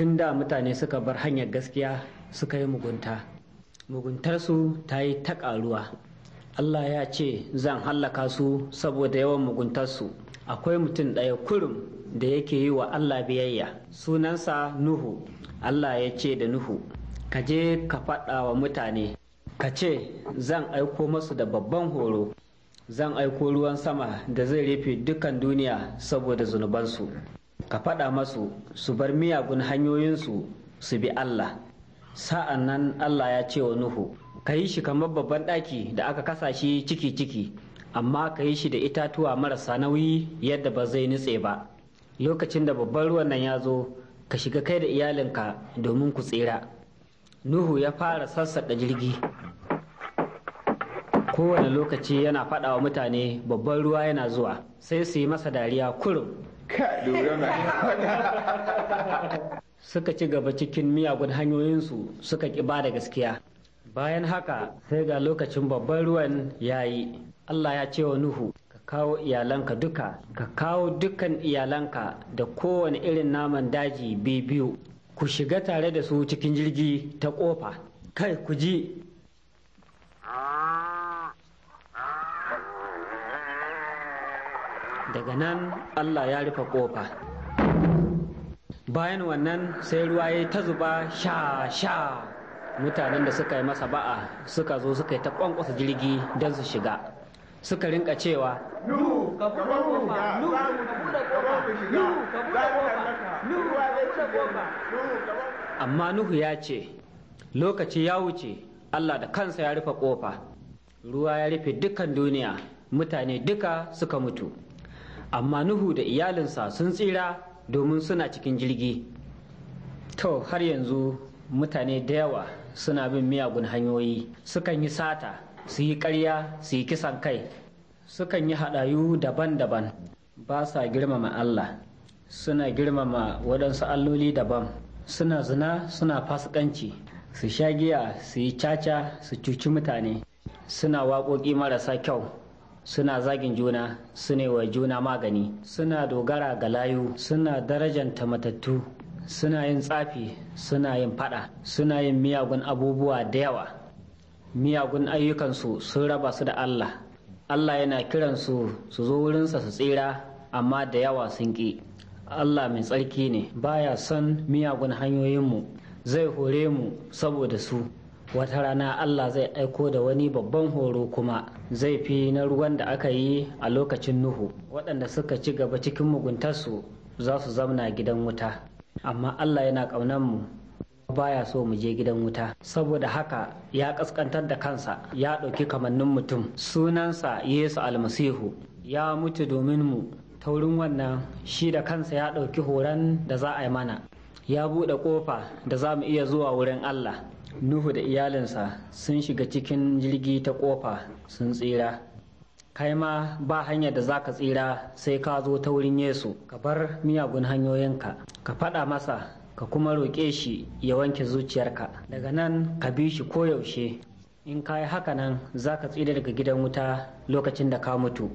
tun da mutane suka bar hanyar gaskiya suka yi mugunta muguntarsu ta yi ta ƙaruwa allah ya ce zan hallaka su saboda yawan muguntarsu akwai mutum ɗaya kurum da yake yi wa allah biyayya sunansa nuhu allah ya ce da nuhu ka je ka faɗa wa mutane ka ce zan aiko masu da babban horo zan aiko ruwan sama da zai rufe dukkan duniya saboda zunubansu ka faɗa masu su bar miyagun hanyoyinsu su bi Allah sa'an nan Allah ya ce wa Nuhu ka yi shi kamar babban ɗaki da aka kasa shi ciki-ciki amma ka yi shi da itatuwa marasa nauyi yadda ba zai nutse ba lokacin da babban ruwan nan ya zo ka shiga kai da iyalinka domin ku tsira Nuhu ya fara sassaɗa jirgi kowane lokaci yana faɗa mutane babban ruwa yana zuwa sai su yi masa dariya kurum suka ci gaba cikin miyagun hanyoyinsu suka ƙi ba da gaskiya bayan haka sai ga lokacin babban ruwan ya yi allah ya ce wa nuhu ka kawo iyalanka duka ka kawo dukkan iyalanka da kowane irin naman daji biyu ku shiga tare da su cikin jirgi ta ƙofa kai ku ji daga nan Allah ya rufe kofa bayan wannan sai ruwa ya ta zuba sha sha mutanen da suka yi masa ba'a suka zo suka yi ta kwankwasa jirgi don su shiga suka rinka cewa amma nuhu ya ce lokaci ya wuce Allah da kansa ya rufe kofa ruwa ya rufe dukkan duniya mutane duka suka mutu amma nuhu da iyalinsa sun tsira domin suna cikin jirgi to har yanzu mutane da yawa suna bin miyagun hanyoyi sukan yi sata su yi karya su yi kisan kai sukan yi haɗayu daban-daban ba sa girmama allah suna girmama waɗansu alloli daban suna zina suna fasikanci su sha giya su yi caca su cuci mutane suna waƙoƙi marasa kyau suna zagin juna suna wa juna magani suna dogara ga layu suna ta matattu suna yin tsafi suna yin fada suna yin miyagun abubuwa da yawa miyagun ayyukansu sun raba su da allah allah yana kiransu su zo wurinsa su tsira amma da yawa sun ƙi allah mai tsarki ne baya son miyagun hanyoyinmu zai hore mu saboda su wata rana Allah zai aiko da wani babban horo kuma zai fi na ruwan da aka yi a lokacin Nuhu waɗanda suka ci gaba cikin muguntarsu za su zamna gidan wuta amma Allah yana ƙaunar mu baya so mu je gidan wuta saboda haka ya ƙasƙantar da kansa ya ɗauki kamannin mutum sunansa Yesu almasihu ya mutu domin mu taurin wannan shi da kansa ya ɗauki horon da za a yi mana ya buɗe ƙofa da za mu iya zuwa wurin Allah Nuhu da iyalinsa sun shiga cikin jirgi ta ƙofa sun tsira. Kai ma ba hanya da za ka tsira sai ka zo ta wurin Yesu, ka bar miyagun hanyoyinka, ka faɗa masa, ka kuma roƙe shi ya wanke zuciyarka. Daga nan ka bi shi koyaushe, in ka yi haka nan za ka tsira daga gidan wuta lokacin da ka mutu.